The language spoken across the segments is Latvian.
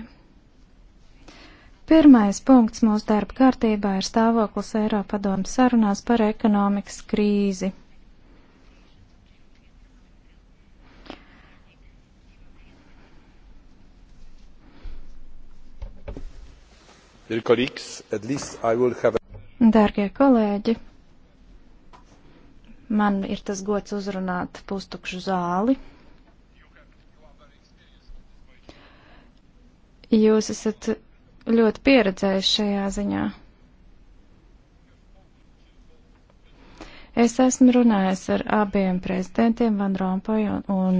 deputāti! Pirmais punkts mūsu darba kārtībā ir stāvoklis Eiropadomas sarunās par ekonomikas krīzi. Dārgie kolēģi, man ir tas gods uzrunāt pustukšu zāli. Jūs esat ļoti pieredzējuši šajā ziņā. Es esmu runājis ar abiem prezidentiem, Van Rompuy un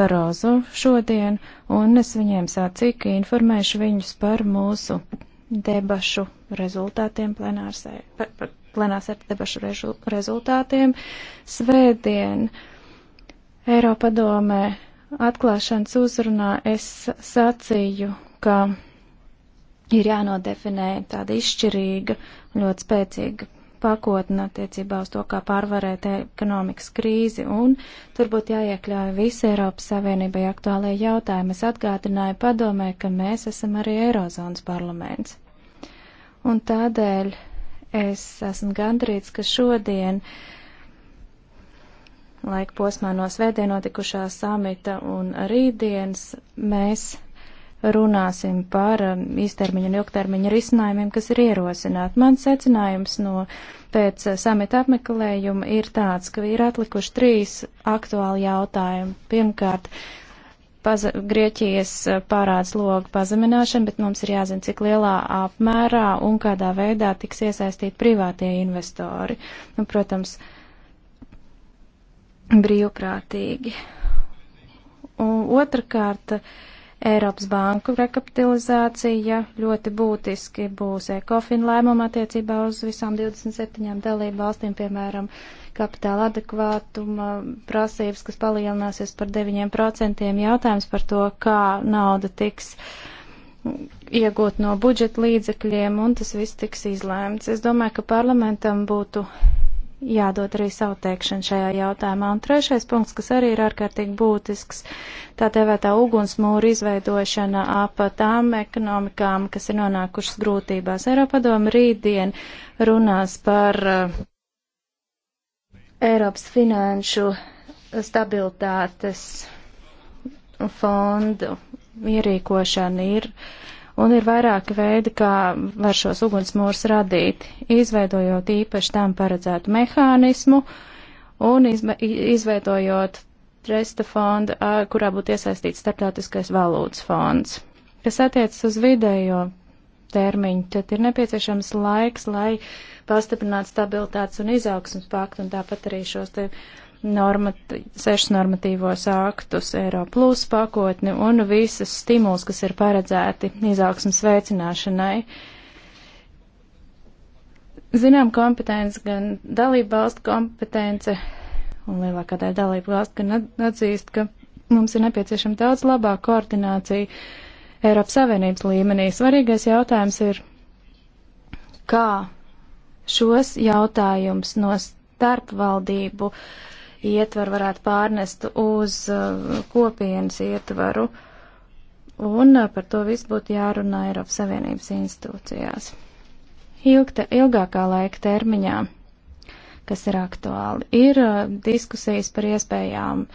Barozu šodien, un es viņiem sacīju, ka informēšu viņus par mūsu debašu rezultātiem plenārsē, par, par plenārsēta debašu režu, rezultātiem. Svētdien Eiropadomē atklāšanas uzrunā es sacīju ka ir jānodefinē tāda izšķirīga, ļoti spēcīga pakotne attiecībā uz to, kā pārvarēt ekonomikas krīzi, un tur būtu jāiekļauj visi Eiropas Savienībai aktuālie jautājumi. Es atgādināju padomē, ka mēs esam arī Eirozonas parlaments. Un tādēļ es esmu gandrīz, ka šodien laika posmā no svētdien notikušā samita un rītdienas mēs runāsim par um, īstermiņa un ilgtermiņa risinājumiem, kas ir ierosināti. Mans secinājums no pēc uh, samita apmeklējuma ir tāds, ka ir atlikuši trīs aktuāli jautājumi. Pirmkārt, paza Grieķijas uh, pārāds logu pazemināšana, bet mums ir jāzina, cik lielā apmērā un kādā veidā tiks iesaistīti privātie investori. Nu, protams, brīvprātīgi. Un otrkārt, uh, Eiropas banku rekapitalizācija ļoti būtiski būs ECOFIN lēmuma attiecībā uz visām 27 dalību valstīm, piemēram, kapitāla adekvātuma prasības, kas palielināsies par 9%. Jautājums par to, kā nauda tiks iegūt no budžeta līdzekļiem, un tas viss tiks izlēmts. Es domāju, ka parlamentam būtu jādod arī savu teikšanu šajā jautājumā. Un trešais punkts, kas arī ir ārkārtīgi būtisks, tā tevētā ugunsmūra izveidošana ap tām ekonomikām, kas ir nonākušas grūtībās. Eiropadoma rītdien runās par uh, Eiropas finanšu stabilitātes fondu ierīkošana ir uh, un ir vairāki veidi, kā var šos ugunsmūrus radīt, izveidojot īpaši tam paredzētu mehānismu un izme, izveidojot tresta fondu, kurā būtu iesaistīts starptautiskais valūtas fonds. Kas attiecas uz vidējo termiņu, tad ir nepieciešams laiks, lai pastiprinātu stabilitātes un izaugsmas paktu un tāpat arī šos te normati, sešus normatīvos aktus, Eiro plus pakotni un visas stimulus, kas ir paredzēti izaugsmas veicināšanai. Zinām, kompetence gan dalība valstu kompetence, un lielākā daļa dalība valstu gan atzīst, ka mums ir nepieciešama daudz labāka koordinācija Eiropas Savienības līmenī. Svarīgais jautājums ir, kā šos jautājumus no starpvaldību uh, ietvaru varētu pārnest uz uh, kopienas ietvaru, un uh, par to viss būtu jārunā Eiropas Savienības institūcijās. Ilgte, ilgākā laika termiņā, kas ir aktuāli, ir uh, diskusijas par iespējām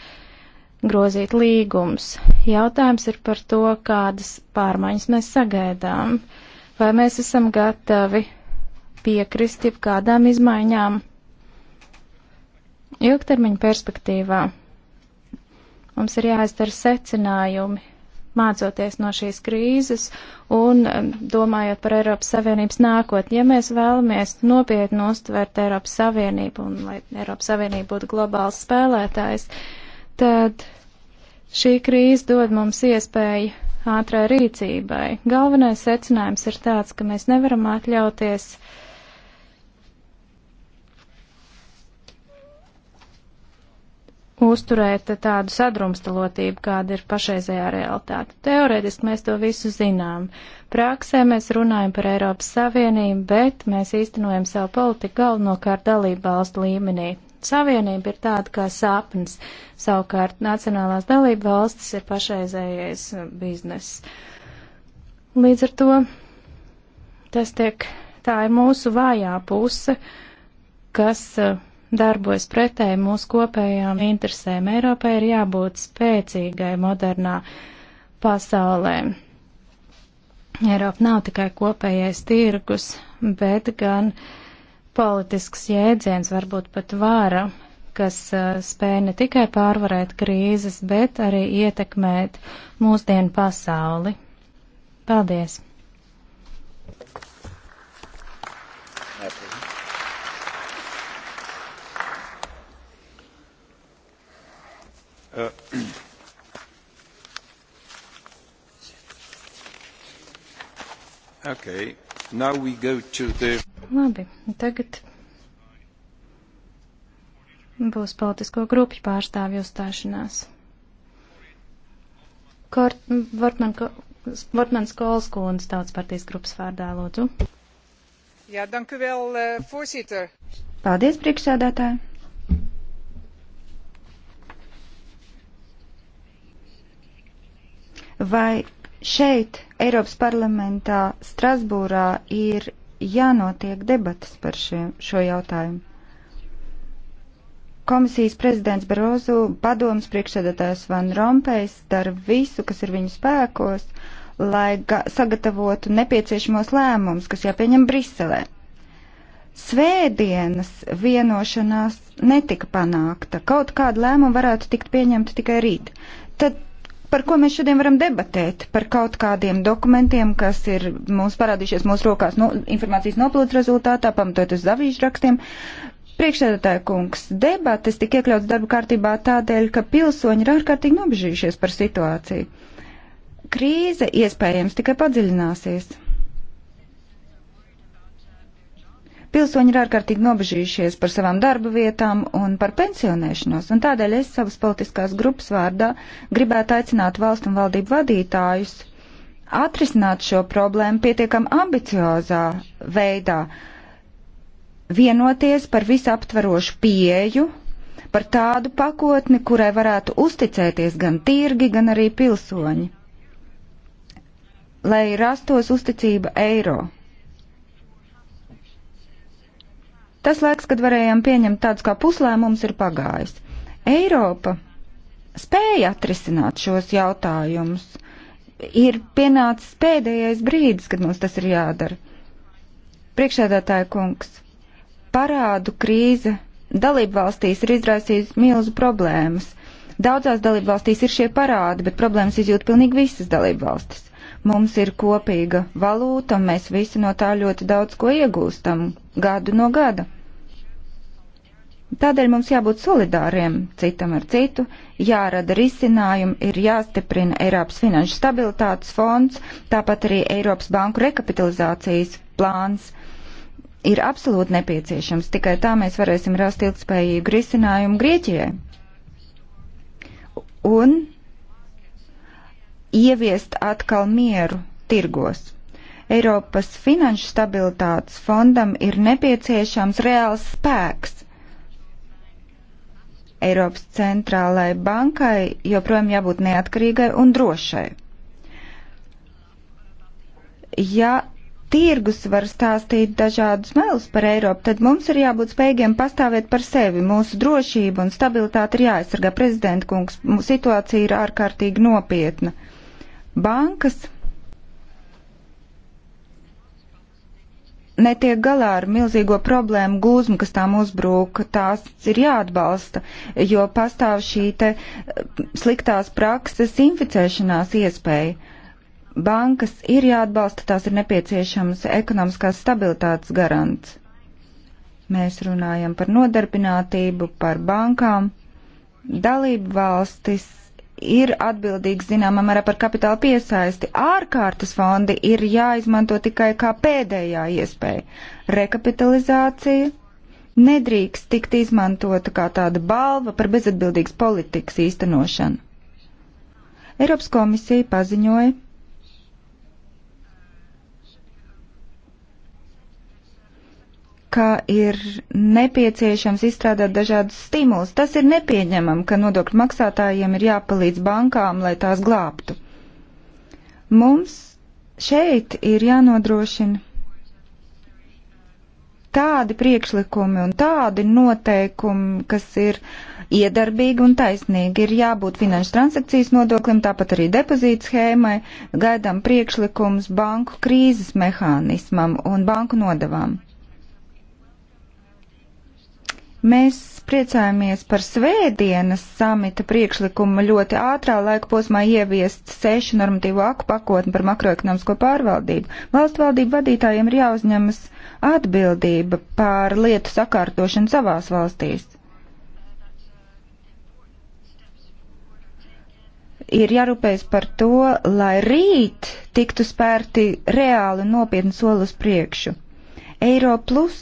grozīt līgums. Jautājums ir par to, kādas pārmaiņas mēs sagaidām, vai mēs esam gatavi piekrist jeb kādām izmaiņām Ilgtermiņa perspektīvā mums ir jāizdara secinājumi, mācoties no šīs krīzes un um, domājot par Eiropas Savienības nākotni. Ja mēs vēlamies nopietni uztvert Eiropas Savienību un lai Eiropas Savienība būtu globāls spēlētājs, tad šī krīze dod mums iespēju ātrai rīcībai. Galvenais secinājums ir tāds, ka mēs nevaram atļauties uh, uzturēt tādu sadrumstalotību, kāda ir pašreizējā realitāte. Teorētiski mēs to visu zinām. Praksē mēs runājam par Eiropas Savienību, bet mēs īstenojam savu politiku galvenokārt dalību valstu līmenī. Savienība ir tāda kā sapnis, savukārt nacionālās dalību valstis ir pašreizējais bizness. Līdz ar to tas tiek, tā ir mūsu vājā puse, kas uh, darbojas pretēji mūsu kopējām interesēm. Eiropai ir jābūt spēcīgai modernā pasaulē. Eiropa nav tikai kopējais tirgus, bet gan politisks jēdziens, varbūt pat vāra, kas uh, spēja ne tikai pārvarēt krīzes, bet arī ietekmēt mūsdienu pasauli. Paldies! Uh, okay. Now we go to the... Labi, tagad būs politisko grupu pārstāvju uzstāšanās. Kort, Vortman, Vortmans Kols kundze tautas partijas grupas vārdā, lūdzu. Jā, danku vēl, uh, eh, forsīter. Paldies, priekšsēdētāji. Vai šeit, Eiropas parlamentā, Strasbūrā, ir jānotiek debatas par šiem, šo jautājumu? Komisijas prezidents Barozu, padomas priekšsēdētājs Van Rompējs dara visu, kas ir viņu spēkos, lai sagatavotu nepieciešamos lēmumus, kas jāpieņem Briselē. Svētdienas vienošanās netika panākta. Kaut kāda lēmuma varētu tikt pieņemta tikai rīt. Tad par ko mēs šodien varam debatēt, par kaut kādiem dokumentiem, kas ir mums parādījušies mūsu rokās no, nu, informācijas noplūdes rezultātā, pamatot uz zavīžrakstiem. Priekšsēdētāja kungs, debates tika iekļauts darba kārtībā tādēļ, ka pilsoņi ir ārkārtīgi nobežījušies par situāciju. Krīze iespējams tikai padziļināsies. Pilsoņi ir ārkārtīgi nobežījušies par savām darba vietām un par pensionēšanos, un tādēļ es savas politiskās grupas vārdā gribētu aicināt valstu un valdību vadītājus atrisināt šo problēmu pietiekam ambiciozā veidā, vienoties par visaptvarošu pieeju, par tādu pakotni, kurai varētu uzticēties gan tirgi, gan arī pilsoņi, lai rastos uzticība eiro Tas laiks, kad varējām pieņemt tādus kā puslēmumus, ir pagājis. Eiropa spēja atrisināt šos jautājumus. Ir pienācis pēdējais brīdis, kad mums tas ir jādara. Priekšēdētāja kungs, parādu krīze dalību valstīs ir izraisījusi milzu problēmas. Daudzās dalību valstīs ir šie parādi, bet problēmas izjūt pilnīgi visas dalību valstis. Mums ir kopīga valūta, un mēs visi no tā ļoti daudz ko iegūstam gadu no gada. Tādēļ mums jābūt solidāriem citam ar citu, jārada risinājumi, ir jāstiprina Eiropas finanšu stabilitātes fonds, tāpat arī Eiropas banku rekapitalizācijas plāns ir absolūti nepieciešams. Tikai tā mēs varēsim rast ilgspējīgu risinājumu Grieķijai. Un ieviest atkal mieru tirgos. Eiropas finanšu stabilitātes fondam ir nepieciešams reāls spēks Eiropas centrālajai bankai joprojām jābūt neatkarīgai un drošai. Ja tirgus var stāstīt dažādus melus par Eiropu, tad mums ir jābūt spējīgiem pastāvēt par sevi. Mūsu drošība un stabilitāte ir jāaizsargā. Prezidenta kungs, situācija ir ārkārtīgi nopietna. Bankas netiek galā ar milzīgo problēmu gūzmu, kas tām uzbrūk, tās ir jāatbalsta, jo pastāv šī te eh, sliktās prakses inficēšanās iespēja. Bankas ir jāatbalsta, tās ir nepieciešams ekonomiskās stabilitātes garants. Mēs runājam par nodarbinātību, par bankām. Dalību valstis ir atbildīgs zināmā mērā par kapitāla piesaisti. Ārkārtas fondi ir jāizmanto tikai kā pēdējā iespēja. Rekapitalizācija nedrīkst tikt izmantota kā tāda balva par bezatbildīgas politikas īstenošanu. Eiropas komisija paziņoja, ka ir nepieciešams izstrādāt dažādus stimulus. Tas ir nepieņemam, ka nodokļu maksātājiem ir jāpalīdz bankām, lai tās glābtu. Mums šeit ir jānodrošina tādi priekšlikumi un tādi noteikumi, kas ir iedarbīgi un taisnīgi. Ir jābūt finanšu transakcijas nodoklim, tāpat arī depozīta schēmai, gaidām priekšlikums banku krīzes mehānismam un banku nodavām. Mēs priecājamies par svētdienas samita priekšlikumu ļoti ātrā laika posmā ieviest sešu normatīvu aku pakotni par makroekonomisko pārvaldību. Valstu valdību vadītājiem ir jāuzņemas atbildība pār lietu sakārtošanu savās valstīs. Ir jārūpējas par to, lai rīt tiktu spērti reāli nopietni soli uz priekšu. Eiro plus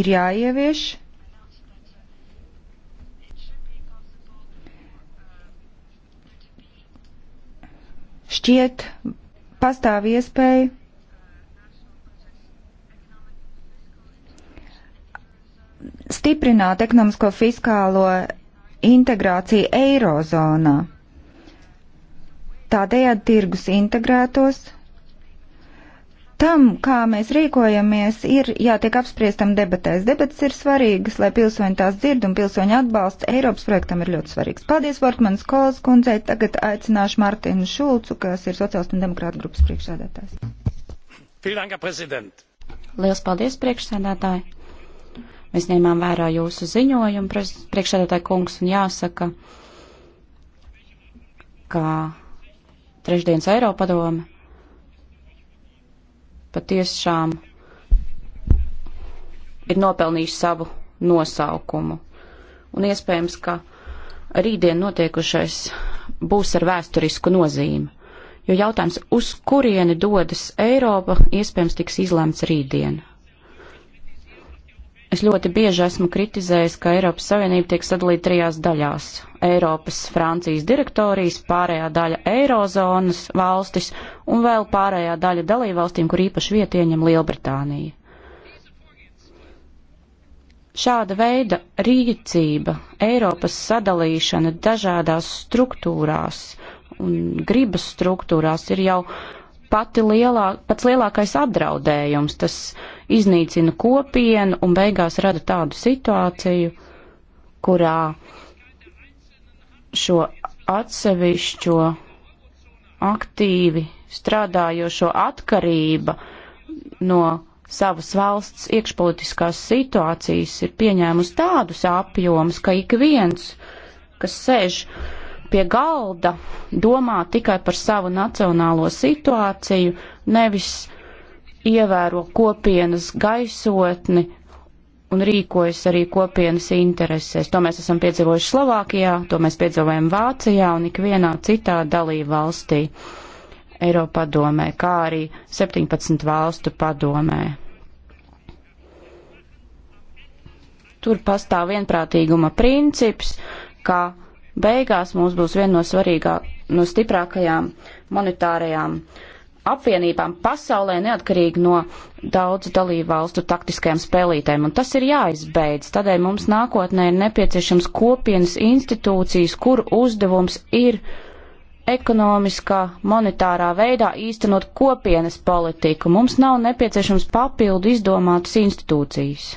ir jāievieš Šķiet, pastāv iespēja stiprināt ekonomisko fiskālo integrāciju eirozonā. Tādējādi tirgus integrētos tam, kā mēs rīkojamies, ir jātiek apspriestam debatēs. Debates ir svarīgas, lai pilsoņi tās dzird un pilsoņu atbalsts Eiropas projektam ir ļoti svarīgs. Paldies, Vortmanas Kolas kundzei. Tagad aicināšu Martinu Šulcu, kas ir sociālistu un demokrātu grupas priekšsēdētājs. Liels paldies, priekšsēdētāji! Mēs ņēmām vērā jūsu ziņojumu, priekšsēdētāji kungs, un jāsaka, ka trešdienas Eiropadome patiešām ir nopelnījuši savu nosaukumu. Un iespējams, ka rītdien notiekušais būs ar vēsturisku nozīmi, jo jautājums, uz kurieni dodas Eiropa, iespējams tiks izlemts rītdien. Es ļoti bieži esmu kritizējis, ka Eiropas Savienība tiek sadalīta trijās daļās - Eiropas, Francijas direktorijas, pārējā daļa Eirozonas valstis un vēl pārējā daļa dalībvalstīm, kur īpaši vietu ieņem Lielbritānija. Šāda veida rīcība, Eiropas sadalīšana dažādās struktūrās un gribas struktūrās ir jau pati lielā, pats lielākais apdraudējums. Tas iznīcina kopienu un beigās rada tādu situāciju, kurā šo atsevišķo aktīvi strādājošo atkarība no savas valsts iekšpolitiskās situācijas ir pieņēmusi tādus apjomus, ka ik viens, kas sēž pie galda, domā tikai par savu nacionālo situāciju, nevis ievēro kopienas gaisotni un rīkojas arī kopienas interesēs. To mēs esam piedzīvojuši Slovākijā, to mēs piedzīvojam Vācijā un ikvienā citā dalību valstī Eiropā domē, kā arī 17 valstu padomē. Tur pastāv vienprātīguma princips, ka beigās mums būs viena no svarīgākajām, no stiprākajām monetārajām uh, apvienībām pasaulē neatkarīgi no daudzu dalību valstu taktiskajām spēlītēm, un tas ir jāizbeidz. Tādēļ mums nākotnē ir nepieciešams kopienas institūcijas, kur uzdevums ir ekonomiskā, monetārā veidā īstenot kopienas politiku. Mums nav nepieciešams papildu izdomātas institūcijas.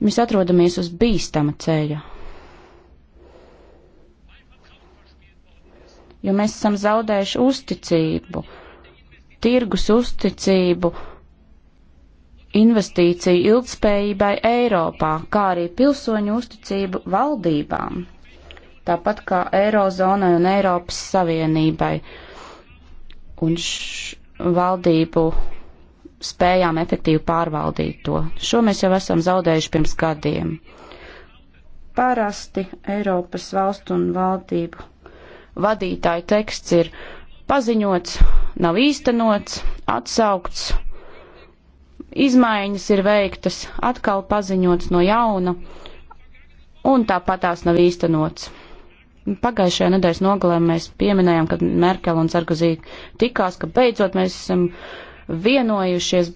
Mēs atrodamies uz bīstama ceļa. jo mēs esam zaudējuši uzticību, tirgus uzticību, investīciju ilgspējībai Eiropā, kā arī pilsoņu uzticību valdībām, tāpat kā Eirozonai un Eiropas Savienībai un valdību spējām efektīvi pārvaldīt to. Šo mēs jau esam zaudējuši pirms gadiem. Parasti Eiropas valstu un valdību vadītāja teksts ir paziņots, nav īstenots, atsaukts, izmaiņas ir veiktas, atkal paziņots no jauna, un tāpat tās nav īstenots. Pagājušajā nedēļas nogalē mēs pieminējām, kad Merkel un Sarkozī tikās, ka beidzot mēs esam vienojušies,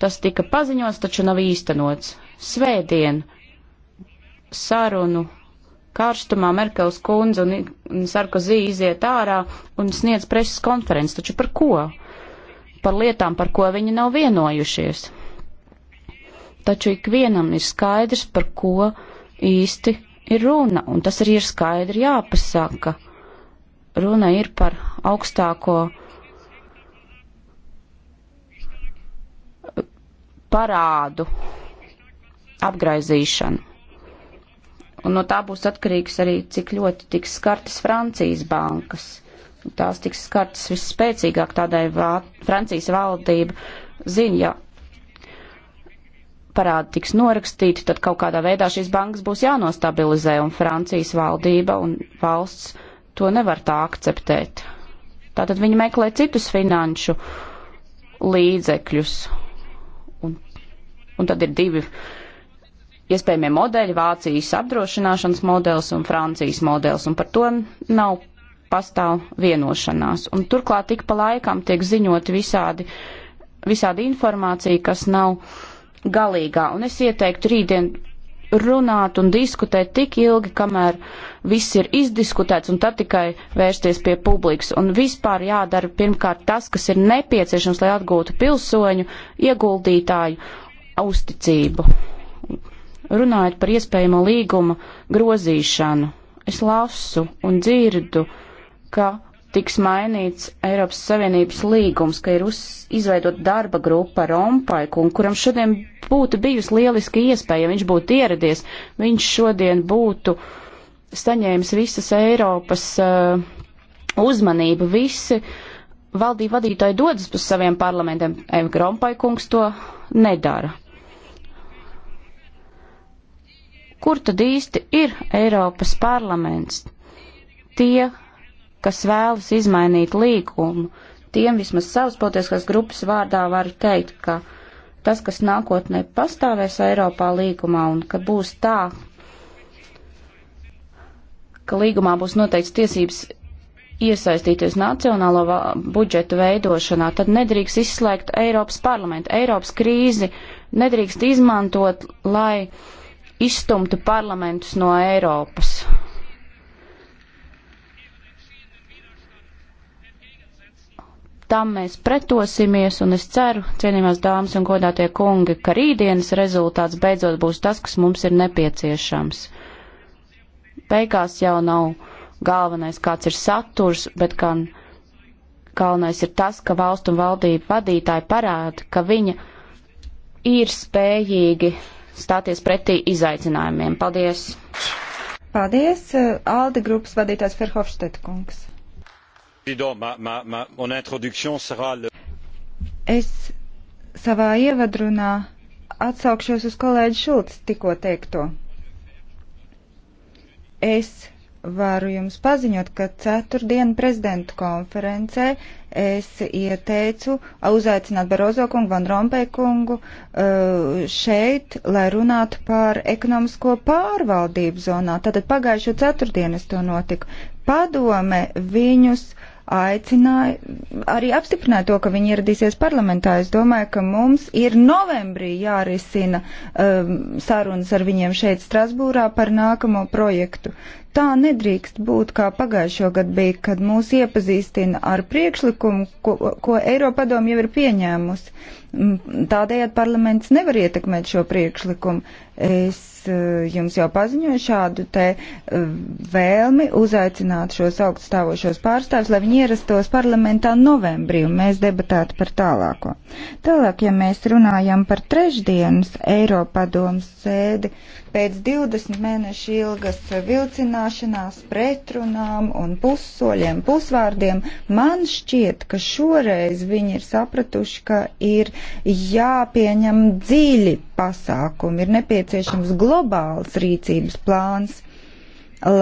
tas tika paziņots, taču nav īstenots. Svētdien sarunu karstumā Merkels kundze un Sarkozī iziet ārā un sniedz preses konferenci. Taču par ko? Par lietām, par ko viņi nav vienojušies. Taču ikvienam ir skaidrs, par ko īsti ir runa, un tas arī ir skaidri jāpasaka. Runa ir par augstāko eh, parādu apgraizīšanu un no tā būs atkarīgs arī, cik ļoti tiks skartas Francijas bankas. Tās tiks skartas visspēcīgāk tādai vā, Francijas valdība ziņa, ja parādi tiks norakstīti, tad kaut kādā veidā šīs bankas būs jānostabilizē, un Francijas valdība un valsts to nevar tā akceptēt. Tātad viņi meklē citus finanšu līdzekļus, un, un tad ir divi iespējamie modeļi, Vācijas apdrošināšanas modelis un Francijas modelis, un par to nav pastāv vienošanās. Un turklāt tik pa laikam tiek ziņot visādi, visādi informācija, kas nav galīgā, un es ieteiktu rītdien runāt un diskutēt tik ilgi, kamēr viss ir izdiskutēts, un tad tikai vērsties pie publikas. Un vispār jādara pirmkārt tas, kas ir nepieciešams, lai atgūtu pilsoņu, ieguldītāju uzticību. Runājot par iespējamo līguma grozīšanu, es lasu un dzirdu, ka tiks mainīts Eiropas Savienības līgums, ka ir uz, izveidot darba grupa Rompaiku, un kuram šodien būtu bijusi lieliska iespēja, ja viņš būtu ieradies, viņš šodien būtu saņēmis visas Eiropas uh, uzmanību, visi valdību vadītāji dodas uz saviem parlamentiem, Rompai kungs to nedara. kur tad īsti ir Eiropas parlaments? Tie, kas vēlas izmainīt līgumu, tiem vismaz savas politiskās grupas vārdā var teikt, ka tas, kas nākotnē pastāvēs Eiropā līgumā un ka būs tā, ka līgumā būs noteikts tiesības iesaistīties nacionālo budžetu veidošanā, tad nedrīkst izslēgt Eiropas parlamentu. Eiropas krīzi nedrīkst izmantot, lai uh, izstumtu parlamentus no Eiropas. Tam mēs pretosimies, un es ceru, cienījumās dāmas un godātie kungi, ka rītdienas rezultāts beidzot būs tas, kas mums ir nepieciešams. Beigās jau nav galvenais, kāds ir saturs, bet gan galvenais ir tas, ka valstu un valdību vadītāji parāda, ka viņa ir spējīgi stāties pretī izaicinājumiem. Paldies! Paldies! Eh, Alde grupas vadītājs Ferhofstedt kungs. Es savā ievadrunā atsaukšos uz kolēģi Šulc tikko teikto. Es varu jums paziņot, ka ceturtdien prezidentu konferencē es ieteicu uzaicināt Barozo kungu, Van Rompē kungu uh, šeit, lai runātu par ekonomisko pārvaldību zonā. Tātad pagājušo ceturtdienu es to notiku. Padome viņus aicināja, arī apstiprināja to, ka viņi ieradīsies parlamentā. Es domāju, ka mums ir novembrī jārisina um, sarunas ar viņiem šeit Strasbūrā par nākamo projektu. Tā nedrīkst būt, kā pagājušo gadu bija, kad mūs iepazīstina ar priekšlikumu, ko, ko Eiropadomu jau ir pieņēmusi. Mm, tādējādi parlaments nevar ietekmēt šo priekšlikumu. Es eh, jums jau paziņoju šādu te eh, vēlmi uzaicināt šos augststāvošos pārstāvjus, lai viņi ierastos parlamentā novembrī un mēs debatētu par tālāko. Tālāk, ja mēs runājam par trešdienas Eiropadomas sēdi, Pēc 20 mēnešu ilgas vilcināšanās, pretrunām un pussoļiem, pusvārdiem, man šķiet, ka šoreiz viņi ir sapratuši, ka ir jāpieņem dziļi pasākumi, ir nepieciešams globāls rīcības plāns,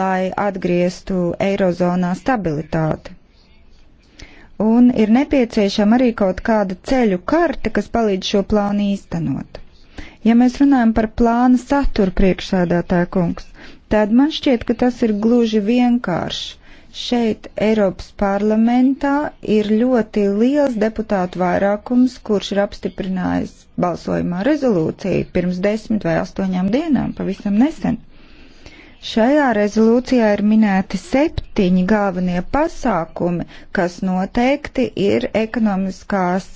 lai atgrieztu eirozonā stabilitāti un ir nepieciešama arī kaut kāda ceļu karte, kas palīdz šo plānu īstenot. Ja mēs runājam par plāna saturu priekšsēdētāja kungs, tad man šķiet, ka tas ir gluži vienkārši. Šeit Eiropas parlamentā ir ļoti liels deputātu vairākums, kurš ir apstiprinājis balsojumā rezolūciju pirms desmit vai astoņām dienām, pavisam nesen. Šajā rezolūcijā ir minēti septiņi galvenie pasākumi, kas noteikti ir ekonomiskās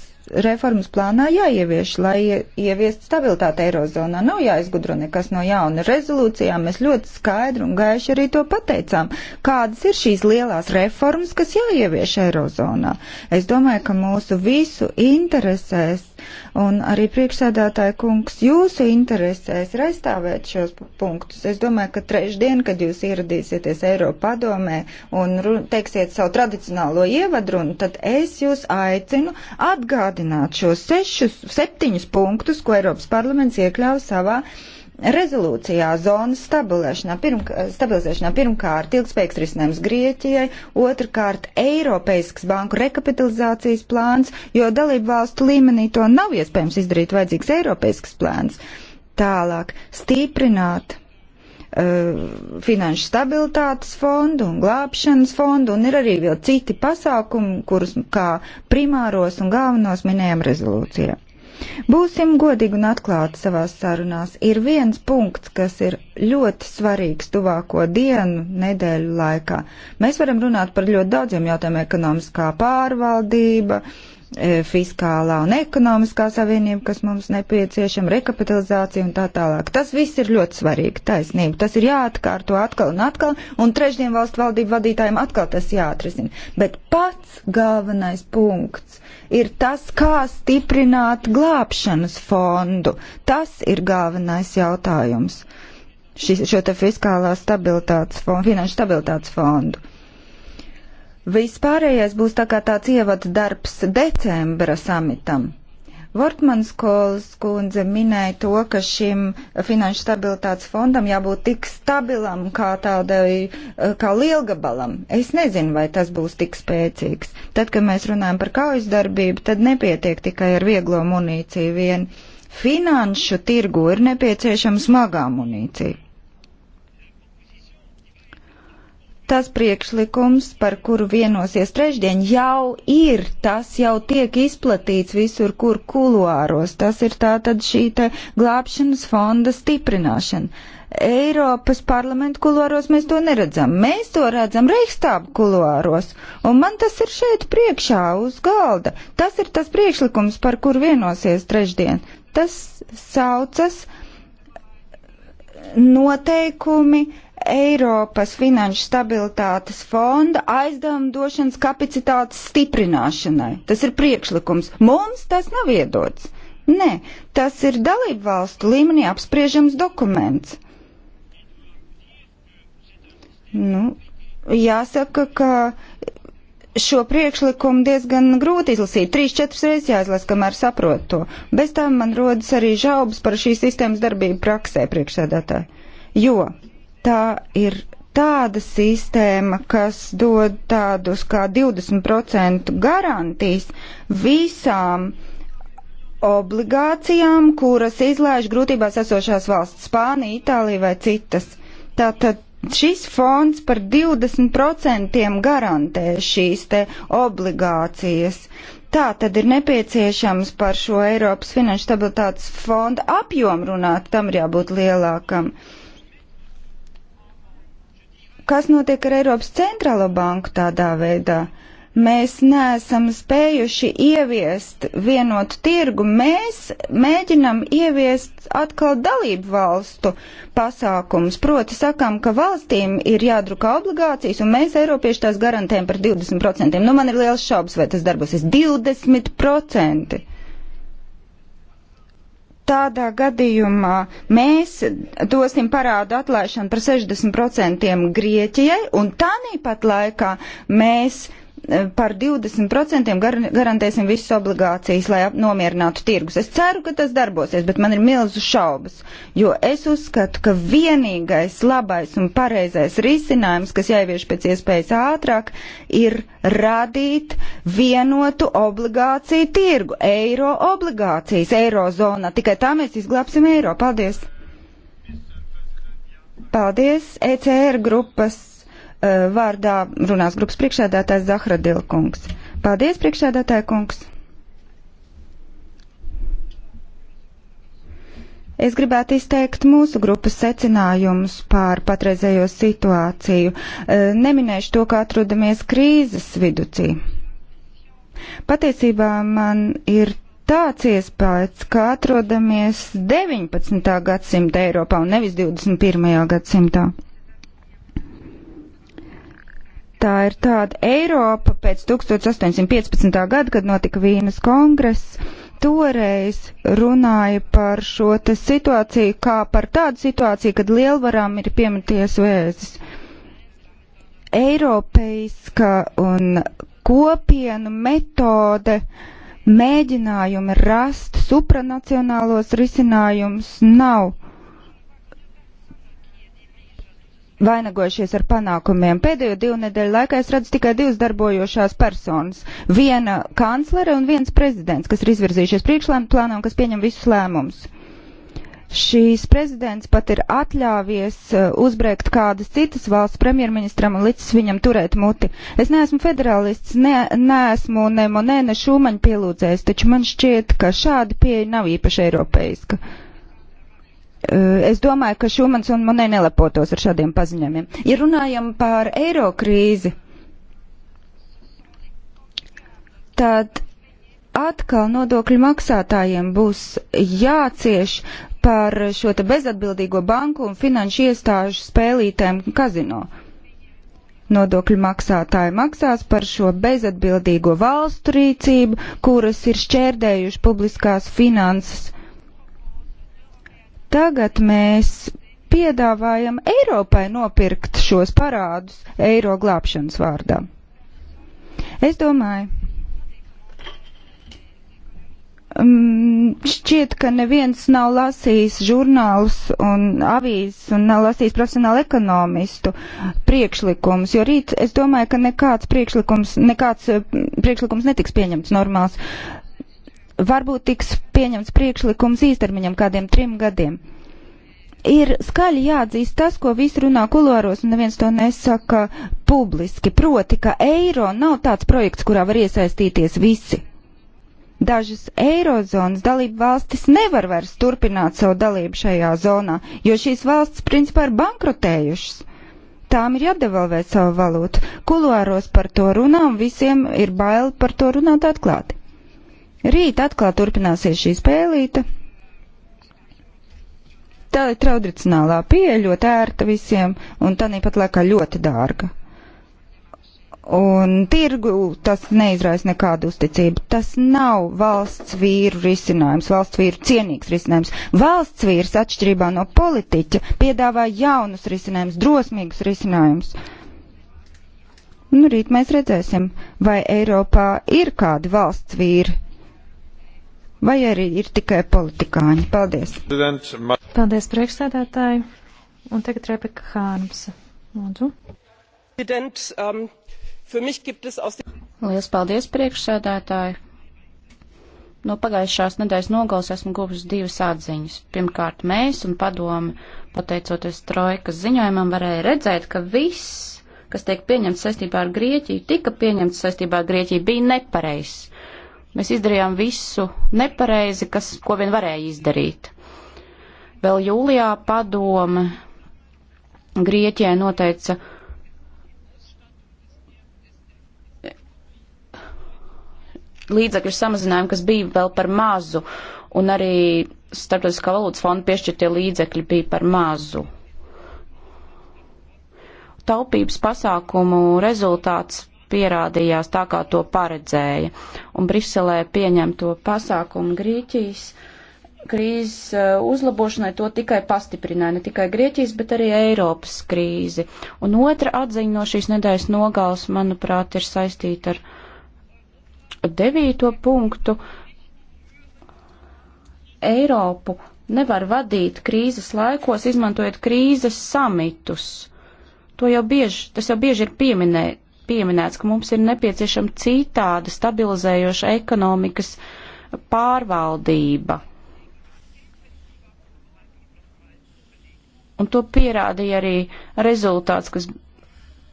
reformas plānā jāievieš, lai ieviest stabilitāti Eirozonā. Nav jāizgudro nekas no jauna. Rezolūcijā mēs ļoti skaidri un gaiši arī to pateicām, kādas ir šīs lielās reformas, kas jāievieš Eirozonā. Es domāju, ka mūsu visu interesēs Un arī priekšsēdētāja kungs, jūsu interesēs ir aizstāvēt šos punktus. Es domāju, ka trešdien, kad jūs ieradīsieties Eiropa padomē un teiksiet savu tradicionālo ievadrunu, tad es jūs aicinu atgādināt šos sešus, septiņus punktus, ko Eiropas parlaments iekļāva savā uh, rezolūcijā zonas stabilizēšanā, pirm, stabilizēšanā pirmkārt ilgspējīgs risinājums Grieķijai, otrkārt Eiropeisks banku rekapitalizācijas plāns, jo dalību valstu līmenī to nav iespējams izdarīt vajadzīgs Eiropeisks plāns. Tālāk stiprināt uh, finanšu stabilitātes fondu un glābšanas fondu, un ir arī vēl citi pasākumi, kurus kā primāros un galvenos minējam rezolūcijā. Būsim godīgi un atklāti savās sarunās. Ir viens punkts, kas ir ļoti svarīgs tuvāko dienu, nedēļu laikā. Mēs varam runāt par ļoti daudziem jautājumiem - ekonomiskā pārvaldība, E, fiskālā un ekonomiskā savienība, kas mums nepieciešama, rekapitalizācija un tā tālāk. Tas viss ir ļoti svarīgi, taisnība. Tas ir jāatkārto atkal un atkal, un trešdien valstu valdību vadītājiem atkal tas jāatrisina. Bet pats galvenais punkts ir tas, kā stiprināt glābšanas fondu. Tas ir galvenais jautājums. Šis, šo te fiskālās stabilitātes fondu, finanšu stabilitātes fondu Vispārējais būs tā kā tāds ievads darbs decembra samitam. Vortmans Kols kundze minēja to, ka šim finanšu stabilitātes fondam jābūt tik stabilam kā tādai, kā lielgabalam. Es nezinu, vai tas būs tik spēcīgs. Tad, kad mēs runājam par kaujas darbību, tad nepietiek tikai ar vieglo munīciju vien. Finanšu tirgu ir nepieciešama smagā munīcija. tas priekšlikums, par kuru vienosies trešdien, jau ir, tas jau tiek izplatīts visur, kur kuluāros. Tas ir tātad šī te glābšanas fonda stiprināšana. Eiropas parlamentu kuluāros mēs to neredzam. Mēs to redzam Reichstābu kuluāros, un man tas ir šeit priekšā uz galda. Tas ir tas priekšlikums, par kur vienosies trešdien. Tas saucas noteikumi Eiropas finanšu stabilitātes fonda aizdevuma došanas kapacitātes stiprināšanai. Tas ir priekšlikums. Mums tas nav iedots. Nē, tas ir dalību valstu līmenī apspriežams dokuments. Nu, jāsaka, ka šo priekšlikumu diezgan grūti izlasīt. Trīs, četras reizes jāizlasa, kamēr saprot to. Bez tam man rodas arī žaubas par šīs sistēmas darbību praksē priekšsēdētāji. Jo Tā ir tāda sistēma, kas dod tādus kā 20% garantijas visām obligācijām, kuras izlaiž grūtībās esošās valsts - Spānija, Itālija vai citas. Tātad šis fonds par 20% garantē šīs te obligācijas. Tā tad ir nepieciešams par šo Eiropas finanšu stabilitātes fonda apjomu runāt, tam ir jābūt lielākam. Uh, kas notiek ar Eiropas centrālo banku tādā veidā. Mēs neesam spējuši ieviest vienotu tirgu. Mēs mēģinam ieviest atkal dalību valstu pasākums. Proti sakām, ka valstīm ir jādrukā obligācijas, un mēs Eiropieši tās garantējam par 20%. Nu, man ir liels šaubas, vai tas darbosies 20%. Tādā gadījumā mēs dosim parādu atlaišanu par 60% Grieķijai, un tāpat laikā mēs par 20% gar, garantēsim visas obligācijas, lai nomierinātu tirgus. Es ceru, ka tas darbosies, bet man ir milzu šaubas, jo es uzskatu, ka vienīgais labais un pareizais risinājums, kas jāievieš pēc iespējas ātrāk, ir radīt vienotu obligāciju tirgu, eiro obligācijas, eirozonā. Tikai tā mēs izglābsim eiro. Paldies! Paldies, ECR grupas Eh, vārdā runās grupas priekšēdētājs Zahra Dilkungs. Paldies, priekšēdētāja kungs! Es gribētu izteikt mūsu grupas secinājumus pār patreizējo situāciju. Eh, neminēšu to, ka atrodamies krīzes viducī. Patiesībā man ir tāds iespējas, ka atrodamies 19. gadsimta Eiropā un nevis 21. gadsimtā. Tā ir tāda Eiropa pēc 1815. gada, kad notika Vīnas kongress. Toreiz runāja par šo te situāciju kā par tādu situāciju, kad lielvarām ir piemeties vēzis. Eiropeiska un kopienu metode mēģinājumi rast supranacionālos risinājumus nav vainagojušies ar panākumiem. Pēdējo divu nedēļu laikā es redzu tikai divas darbojošās personas. Viena kanclere un viens prezidents, kas ir izvirzījušies priekšlēmumu plānā un kas pieņem visus lēmumus. Šīs prezidents pat ir atļāvies uh, uzbrēkt kādas citas valsts premjerministram un licis viņam turēt muti. Es neesmu federālists, ne, neesmu ne Monē, ne Šūmaņa pielūdzējs, taču man šķiet, ka šāda pieeja nav īpaši eiropeiska. Eh, es domāju, ka Šumans un Monē nelepotos ar šādiem paziņojumiem. Ja runājam par eiro krīzi, tad atkal nodokļu maksātājiem būs jācieš par šo te bezatbildīgo banku un finanšu iestāžu spēlītēm kazino. Nodokļu maksātāji maksās par šo bezatbildīgo valstu rīcību, kuras ir šķērdējuši publiskās finanses. Tagad mēs piedāvājam Eiropai nopirkt šos parādus eiro glābšanas vārdā. Es domāju, mm, šķiet, ka neviens nav lasījis žurnālus un avīzes un nav lasījis profesionālu ekonomistu priekšlikumus, jo rīt es domāju, ka nekāds priekšlikums, nekāds mm, priekšlikums netiks pieņemts normāls varbūt tiks pieņemts priekšlikums īstermiņam kādiem trim gadiem. Ir skaļi jāatzīst tas, ko visi runā kuluāros, un neviens to nesaka publiski. Proti, ka eiro nav tāds projekts, kurā var iesaistīties visi. Dažas eirozonas dalību valstis nevar vairs turpināt savu dalību šajā zonā, jo šīs valstis principā ir bankrotējušas. Tām ir jādevalvē savu valūtu. Kuluāros par to runā, un visiem ir bail par to runāt atklāti. Rīt atkal turpināsies šī spēlīta. Tā ir tradicionālā pieeja, ļoti ērta visiem un tā nīpat laikā ļoti dārga. Un tirgu tas neizraisa nekādu uzticību. Tas nav valsts vīru risinājums, valsts vīru cienīgs risinājums. Valsts vīrs, atšķirībā no politiķa, piedāvā jaunus risinājumus, drosmīgus risinājumus. Nu, rīt mēs redzēsim, vai Eiropā ir kādi valsts vīri vai arī ir tikai politikāņi. Paldies! Paldies, priekšsēdētāji! Un tagad Rebeka Hārms. Lūdzu. Um, Lielas paldies, priekšsēdētāji! No pagājušās nedēļas nogals esmu guvis divas atziņas. Pirmkārt, mēs un padomi, pateicoties trojkas ziņojumam, varēja redzēt, ka viss, kas tiek pieņemts saistībā ar Grieķiju, tika pieņemts saistībā ar Grieķiju, bija nepareizs Mēs izdarījām visu nepareizi, kas, ko vien varēja izdarīt. Vēl jūlijā padome Grieķijai noteica līdzekļu samazinājumu, kas bija vēl par mazu, un arī Starptautiskā valūtas fonda piešķirtie līdzekļi bija par mazu. Taupības pasākumu rezultāts pierādījās tā, kā to paredzēja. Un Briselē pieņemto pasākumu Grieķijas krīzes eh, uzlabošanai to tikai pastiprināja, ne tikai Grieķijas, bet arī Eiropas krīzi. Un otra atziņa no šīs nedēļas nogals, manuprāt, ir saistīta ar devīto punktu. Eiropu nevar vadīt krīzes laikos, izmantojot krīzes samitus. To jau bieži, tas jau bieži ir pieminē, pieminēts, ka mums ir nepieciešama citāda stabilizējoša ekonomikas pārvaldība. Un to pierādīja arī rezultāts, kas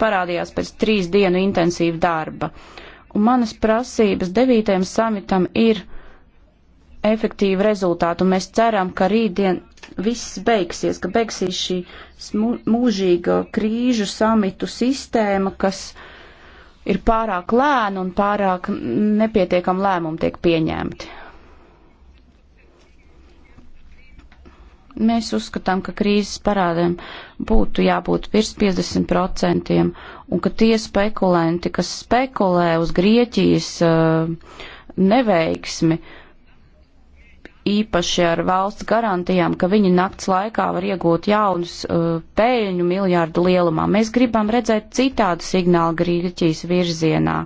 parādījās pēc trīs dienu intensīva darba. Un manas prasības devītajam samitam ir efektīvi rezultāti, un mēs ceram, ka rītdien viss beigsies, ka beigsies šī mūžīga krīžu samitu sistēma, kas uh, ir pārāk lēna un pārāk nepietiekam lēmumu tiek pieņemti. Mēs uzskatām, ka krīzes parādēm būtu jābūt virs 50% un ka tie spekulanti, kas spekulē uz Grieķijas eh, neveiksmi, uh, īpaši ar valsts garantijām, ka viņi nakts laikā var iegūt jaunus uh, pēļņu miljārdu lielumā. Mēs gribam redzēt citādu signālu Grieķijas virzienā.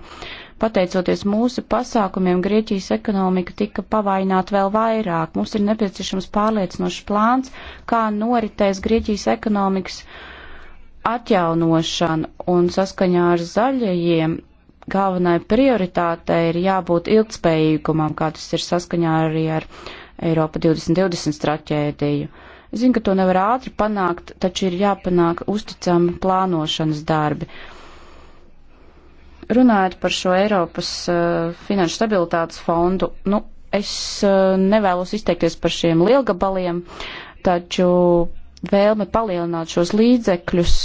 Pateicoties mūsu pasākumiem, Grieķijas ekonomika tika pavaināta vēl vairāk. Mums ir nepieciešams pārliecinošs plāns, kā noritēs Grieķijas ekonomikas atjaunošana un saskaņā ar zaļajiem galvenai prioritātei ir jābūt ilgspējīgumam, kā tas ir saskaņā arī ar uh, Eiropa 2020 stratēģiju. Es zinu, ka to nevar ātri panākt, taču ir jāpanāk uzticama plānošanas darbi. Runājot par šo Eiropas uh, finanšu stabilitātes fondu, nu, es uh, nevēlos izteikties par šiem lielgabaliem, taču vēlme palielināt šos līdzekļus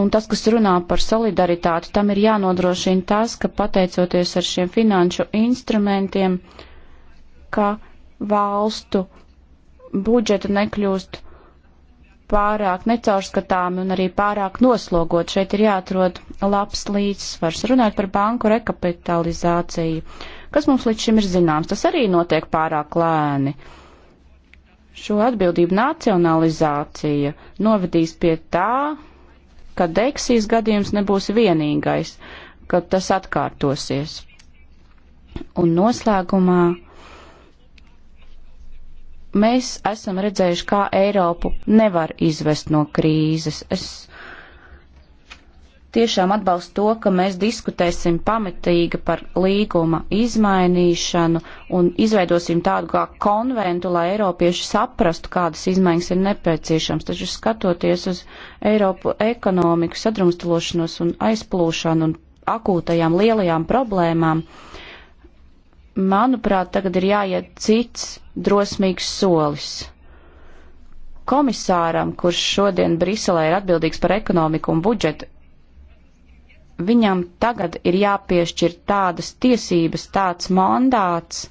un tas, kas runā par solidaritāti, tam ir jānodrošina tas, ka pateicoties ar šiem finanšu instrumentiem, uh, ka valstu budžeta nekļūst pārāk necaurskatāmi un arī pārāk noslogot. Šeit ir jāatrod labs līdzsvars. Runājot par banku rekapitalizāciju, kas mums līdz šim ir zināms, tas arī notiek pārāk lēni. Šo atbildību nacionalizācija novedīs pie tā, ka deksijas gadījums nebūs vienīgais, ka tas atkārtosies. Un noslēgumā mēs esam redzējuši, kā Eiropu nevar izvest no krīzes. Es tiešām atbalstu to, ka mēs diskutēsim pamatīgi par līguma izmainīšanu un izveidosim tādu kā konventu, lai eiropieši saprastu, kādas izmaiņas ir nepieciešams. Taču skatoties uz Eiropu ekonomiku sadrumstalošanos un aizplūšanu un akūtajām lielajām problēmām, uh, manuprāt, tagad ir jāiet cits drosmīgs solis. Komisāram, kurš šodien Briselē ir atbildīgs par ekonomiku un budžetu, viņam tagad ir jāpiešķir tādas tiesības, tāds mandāts,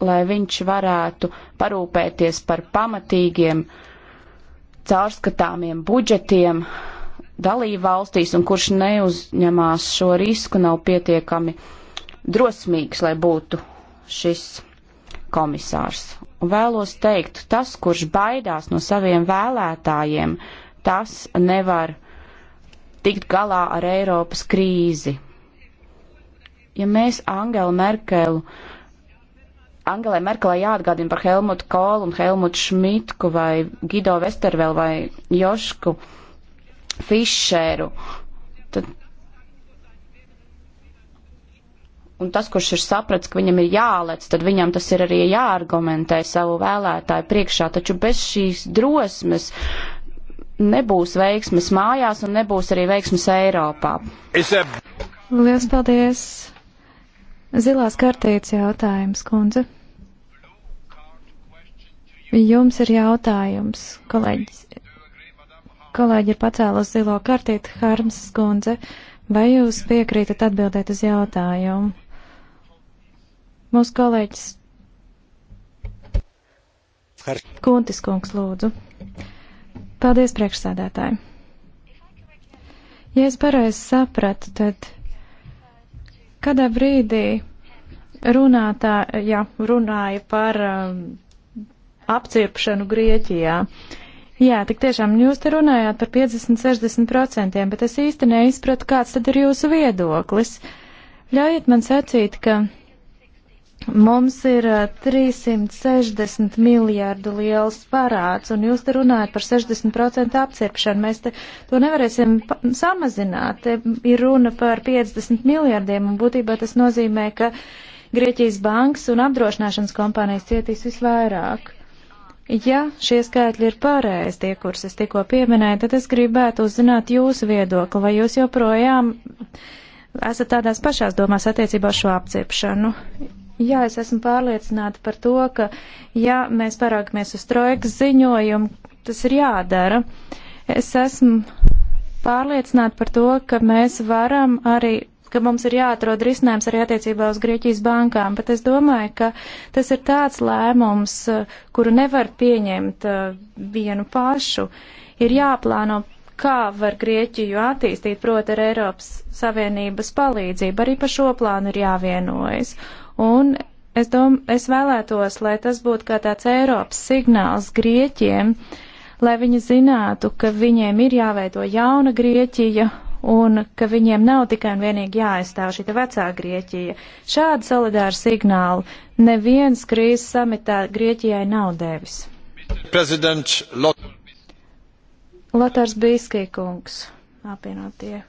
lai viņš varētu parūpēties par pamatīgiem, caurskatāmiem budžetiem, dalību valstīs un kurš neuzņemās šo risku, nav pietiekami drosmīgs, lai būtu šis komisārs. Un vēlos teikt, tas, kurš baidās no saviem vēlētājiem, tas nevar tikt galā ar Eiropas krīzi. Ja mēs Angelu Merkelu Angelai Merkelai jāatgādina par Helmutu Kolu un Helmutu Šmitku vai Gido Vestervelu vai Jošku Fišeru. Tad, un tas, kurš ir sapratis, ka viņam ir jālec, tad viņam tas ir arī jāargumentē savu vēlētāju priekšā. Taču bez šīs drosmes nebūs veiksmes mājās un nebūs arī veiksmes Eiropā. Lielas paldies! Zilās kartītes jautājums, kundze. Jums ir jautājums, kolēģis kolēģi ir pacēlus zilo kartīti, Harms skundze, vai jūs piekrītat atbildēt uz jautājumu? Mūsu kolēģis Har... Kuntis kungs lūdzu. Paldies priekšsēdētāji. Ja es pareizi sapratu, tad kādā brīdī runātā, jā, runāja par um, apcirpšanu Grieķijā. Uh, Jā, tik tiešām jūs te runājāt par 50-60%, bet es īsti neizpratu, kāds tad ir jūsu viedoklis. Ļaujiet man sacīt, ka mums ir 360 miljārdu liels parāds, un jūs te runājat par 60% apcirpšanu. Mēs te to nevarēsim samazināt. Te ir runa par 50 miljārdiem, un būtībā tas nozīmē, ka Grieķijas bankas un apdrošināšanas kompānijas cietīs visvairāk. Ja šie skaitļi ir pareizi, tie, kurus es tikko pieminēju, tad es gribētu uzzināt jūsu viedokli, vai jūs joprojām esat tādās pašās domās attiecībā uz šo apciepšanu. Jā, es esmu pārliecināta par to, ka, ja mēs paraugamies uz trojkas ziņojumu, tas ir jādara. Es esmu pārliecināta par to, ka mēs varam arī ka mums ir jāatrod risinājums arī attiecībā uz Grieķijas bankām, bet es domāju, ka tas ir tāds lēmums, kuru nevar pieņemt uh, vienu pašu. Ir jāplāno kā var Grieķiju attīstīt, proti ar Eiropas Savienības palīdzību. Arī par šo plānu ir jāvienojas. Un es, dom, es vēlētos, lai tas būtu kā tāds Eiropas signāls Grieķiem, lai viņi zinātu, ka viņiem ir jāveido jauna Grieķija un ka viņiem nav tikai un vienīgi jāaizstāv šī vecā Grieķija. Šādu solidāru signālu neviens krīzes samitā Grieķijai nav devis. Prezidents Lot Lotārs Bīskī kungs, apvienotie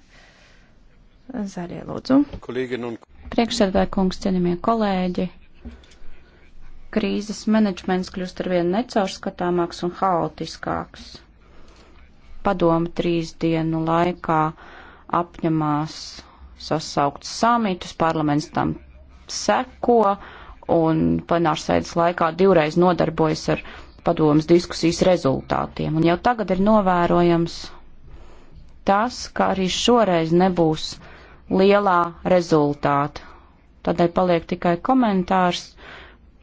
zaļie lūdzu. Un... Nu- Priekšsēdētāji kungs, cienījamie kolēģi, krīzes menedžments kļūst arvien necaurskatāmāks un haotiskāks. Padoma trīs dienu laikā apņemās sasaukt samitus, parlaments tam seko un plenārsēdes laikā divreiz nodarbojas ar padomas diskusijas rezultātiem. Un jau tagad ir novērojams tas, ka arī šoreiz nebūs lielā rezultāta. Tādēļ paliek tikai komentārs.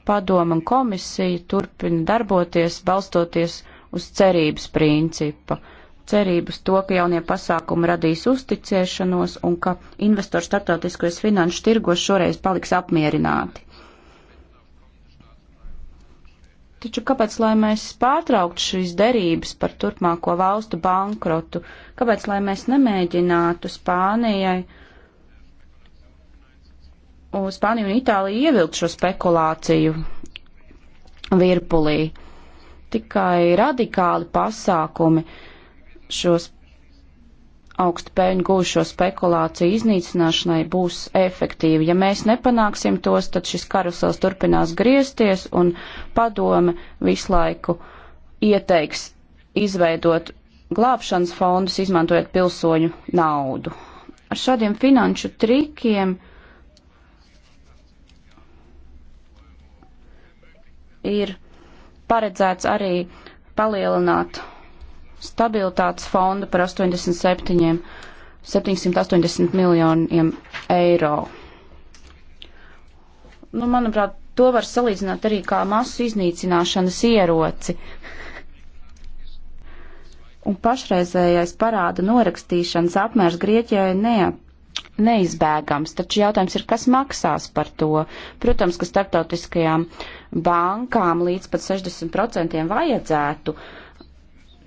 Padoma un komisija turpina darboties, balstoties uz cerības principa cerības to, ka jaunie pasākumi radīs uzticēšanos un ka investori starptautiskajos finanšu tirgos šoreiz paliks apmierināti. Taču kāpēc, lai mēs pārtrauktu šīs derības par turpmāko valstu bankrotu? Kāpēc, lai mēs nemēģinātu Spānijai, Spāniju un Itāliju ievilkt šo spekulāciju virpulī? Tikai radikāli pasākumi šos augstu peļņu gūšo spekulāciju iznīcināšanai būs efektīvi. Ja mēs nepanāksim tos, tad šis karusels turpinās griezties un padome visu laiku ieteiks izveidot glābšanas fondus, izmantojot pilsoņu naudu. Ar šādiem finanšu trikiem ir paredzēts arī palielināt stabilitātes fonda par 87, 780 miljoniem eiro. Nu, manuprāt, to var salīdzināt arī kā masu iznīcināšanas ieroci. Un pašreizējais parāda norakstīšanas apmērs Grieķijai neat neizbēgams. Taču jautājums ir, kas maksās par to? Protams, ka starptautiskajām bankām līdz pat 60% vajadzētu uh,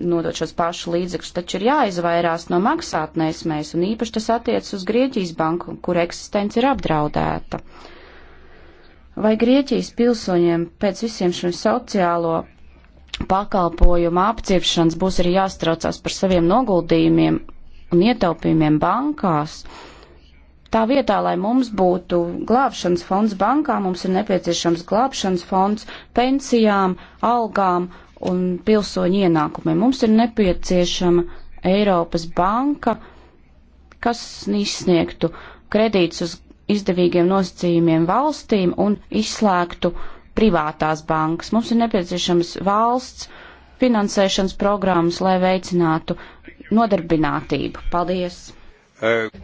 nodot šos pašu līdzekļus, taču ir jāizvairās no maksātnēsmēs, un īpaši tas attiecas uz Grieķijas banku, kur eksistence ir apdraudēta. Vai Grieķijas pilsoņiem pēc visiem šiem sociālo pakalpojumu apciepšanas būs arī jāstraucās par saviem noguldījumiem un ietaupījumiem bankās? Tā vietā, lai mums būtu glābšanas fonds bankām, mums ir nepieciešams glābšanas fonds pensijām, algām un pilsoņu ienākumiem. Mums ir nepieciešama Eiropas banka, kas izsniegtu kredītus uz izdevīgiem nosacījumiem valstīm un izslēgtu privātās bankas. Mums ir nepieciešams valsts finansēšanas programmas, lai veicinātu nodarbinātību. Paldies!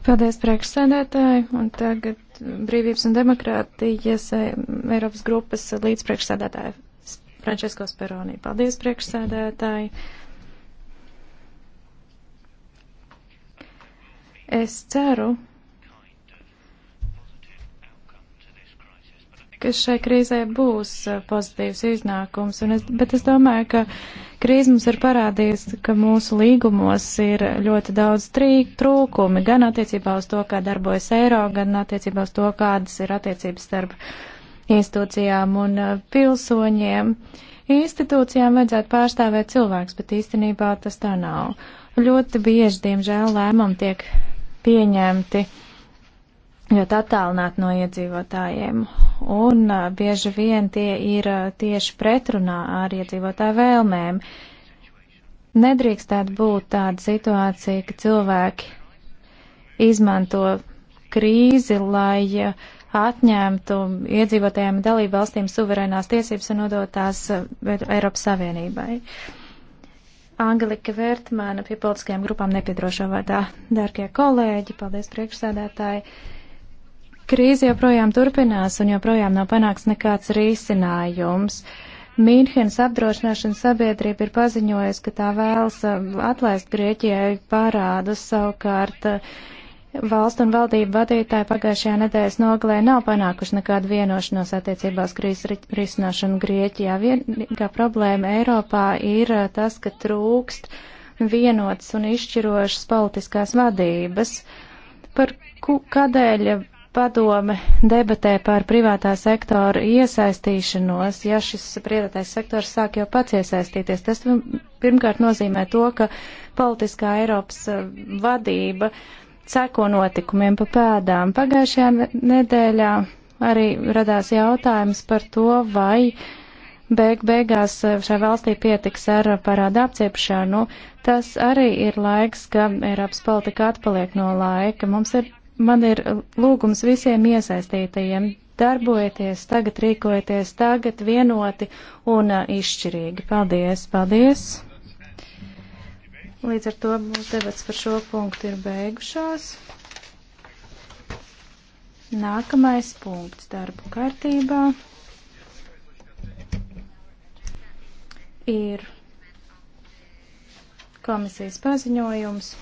Paldies, priekšsēdētāji, un tagad brīvības un demokrātijas eh, Eiropas grupas līdzpriekšsēdētāji Frančesko Speronī. Paldies, priekšsēdētāji! Es ceru, ka šai krīzē būs uh, pozitīvs iznākums, un es, bet es domāju, ka krīze mums ir parādījusi, ka mūsu līgumos ir ļoti daudz trīk, trūkumi, gan attiecībā uz to, kā darbojas eiro, gan attiecībā uz to, kādas ir attiecības starp institūcijām un uh, pilsoņiem. Institūcijām vajadzētu pārstāvēt cilvēks, bet īstenībā tas tā nav. Ļoti bieži, diemžēl, lēmumi tiek pieņemti ļoti attālināti no iedzīvotājiem, un uh, bieži vien tie ir uh, tieši pretrunā ar iedzīvotāju vēlmēm. Nedrīkstētu būt tāda situācija, ka cilvēki izmanto krīzi, lai uh, atņemtu iedzīvotājiem dalību valstīm suverēnās tiesības un nodot tās eh, Eiropas Savienībai. Angelika Vērtmēna pie politiskajām grupām nepiedrošā vārdā. Dārgie kolēģi, paldies priekšsēdētāji. Krīze joprojām turpinās un joprojām nav panāks nekāds risinājums. Mīnhenes apdrošināšanas sabiedrība ir paziņojusi, ka tā vēlas eh, atlaist Grieķijai parādus savukārt. Uh, Valstu un valdību vadītāji pagājušajā nedēļas nogalē nav panākuši nekādu vienošanos attiecībās krīzes risināšanu Grieķijā. Vienīgā problēma Eiropā ir eh, tas, ka trūkst vienotas un izšķirošas politiskās vadības. Par kādēļ padome debatē par privātā sektora iesaistīšanos, ja šis privātais sektors sāk jau pats iesaistīties, tas pirmkārt nozīmē to, ka politiskā Eiropas eh, vadība uh, seko notikumiem pa pēdām. Pagājušajā nedēļā arī radās jautājums par to, vai beig beigās eh, šai valstī pietiks ar parādu apciepšanu. Tas arī ir laiks, ka Eiropas politika atpaliek no laika. Mums ir, man ir lūgums visiem iesaistītajiem. Darbojieties tagad, rīkojieties tagad vienoti un eh, izšķirīgi. Paldies, paldies! Līdz ar to mūsu debats par šo punktu ir beigušās. Nākamais punkts darbu kārtībā ir komisijas paziņojums.